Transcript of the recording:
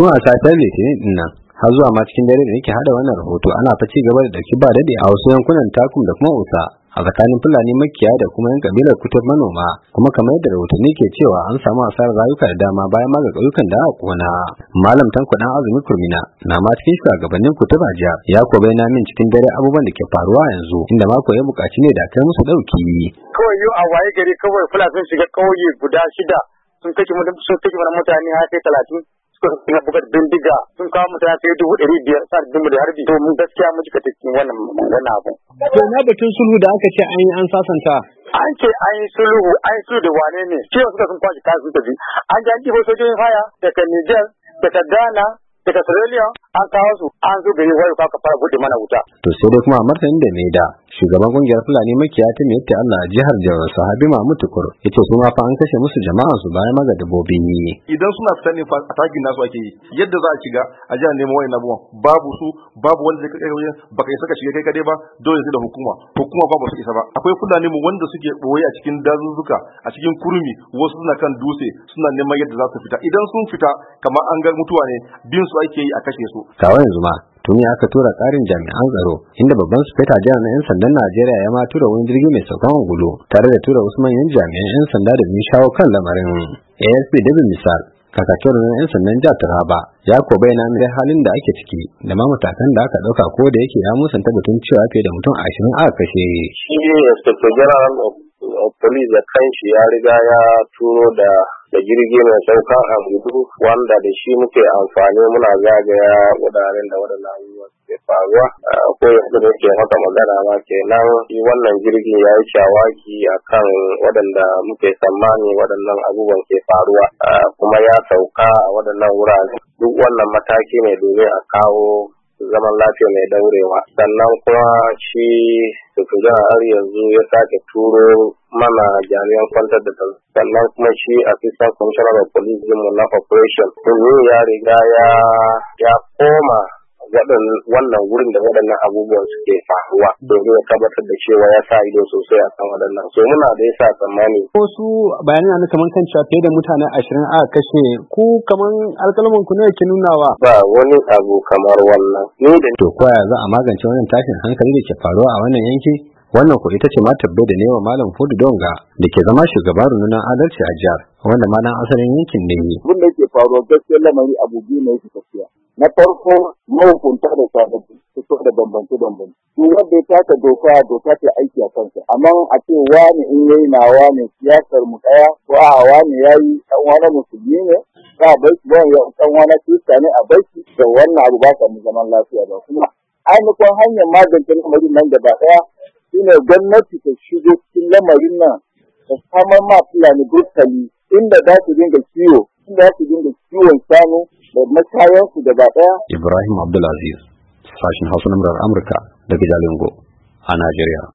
tun a safiyar litinin nan har zuwa ma cikin dare da yake hada wannan rahoto ana ta cigaba da dauki ba dade a wasu yankunan takum da kuma usa a tsakanin fulani makiya da kuma yan kabilar kutar manoma kuma kamar yadda rahotanni ke cewa an samu asarar rayuka da dama bayan maga ƙauyukan da aka kona malam tanko dan azumi kurmina na ma cikin shugabannin kutuba jiya ya ko bai min cikin dare abubuwan da ke faruwa yanzu inda mako ya buƙaci ne da kai musu dauki kawai yau a waye gari kawai fulani sun shiga ƙauye guda mutane har talatin suka bugar bindiga sun kawo ya sai dubu ɗari biyar sa dubu da harbi to mun gaskiya mun jika cikin wannan magana abu. to na batun sulhu da aka ce an yi an sasanta. an ce an yi sulhu an yi sulhu da wane ne cewa suka sun kwashe kasu da an ji an jibo sojojin haya daga Nijar daga Ghana daga Australia an kawo su an zo gari wayo ka fara bude mana wuta. to sai dai kuma a martanin da ne da shugaban kungiyar fulani makiya ta mai Allah a jihar Jawar Sahabi mamu Tukur yace kuma fa an kashe musu jama'a su bayan maga dabobi idan suna fitan ne a tagin nasu ake yi yadda za a shiga a jihar neman wayan nabuwan, babu su babu wanda zai kai baka isa ka shiga kai kadai ba dole sai da hukuma hukuma babu su isa ba akwai fulani mu wanda suke boye a cikin dazuzzuka a cikin kurmi wasu suna kan dutse suna neman yadda za su fita idan sun fita kamar an ga mutuwa ne bin su ake yi a kashe su ta yanzu ma tuni aka tura karin jami'an tsaro inda babban sufeta jihar na 'yan sandan najeriya ya ma tura wani jirgi mai saukan angulu tare da tura wasu manyan jami'an 'yan sanda da shawo kan lamarin asp david misal kakakiyar na 'yan sandan jihar taraba ya ko bayyana mai halin da ake ciki da ma matakan da aka dauka ko da yake ya musanta batun cewa fiye da mutum ashirin aka kashe shi ne inspector general of police da kanshi ya riga ya turo da da jirgi mai sauka a hudu wanda da shi muke amfani muna zagaya wuraren da waɗannan abubuwa suke faruwa ko yanzu da ke maka magana ma kenan shi wannan jirgin ya yi shawaki a kan waɗanda muke tsammani waɗannan abubuwan ke faruwa kuma ya sauka a waɗannan wurare duk wannan mataki ne domin a kawo zaman lafiya mai daurewa sannan kuma shi sufin har yanzu ya sake turo mana jami'an kwantar da sannan kuma shi assistant commissioner of police mu na operation ya riga ya koma wannan wurin da waɗannan abubuwan suke faruwa domin ya tabbatar da cewa ya sa ido sosai a kan waɗannan so muna da yasa tsammani. Ko su bayanan na kamar kan cewa da mutane ashirin a kashe ku kamar alƙalamin ku ne ke nunawa. ba wani abu kamar wannan. ni da to ko za a magance wannan tashin hankali da ke faruwa a wannan yanki wannan ko ita ce ma tabbai da nema malam Fudu Donga da ke zama shugaban rundunar adalci a jihar wanda ma asalin yankin ne. Abin da ke faruwa gaskiya lamari abu biyu ne suka na farko mahukunta da sababbi su so da bambance bambance su yadda ya taka doka doka ta aiki a kansa amma a ce wani in yayi na wani siyasar mu daya ko a wani yayi dan wani musulmi ne ba bai ba ya dan wani kirista ne a bai da wannan abu ba mu zaman lafiya ba kuma ainihin hanyar magance lamarin nan gaba daya shine gwamnati ta shigo cikin lamarin nan ta samar ma fulani burtali inda za su dinga ciwo. inda za su dinga ciwon shanu su Ibrahim Abdulaziz sashen Hausa na murar Amurka daga Jalingo a Najeriya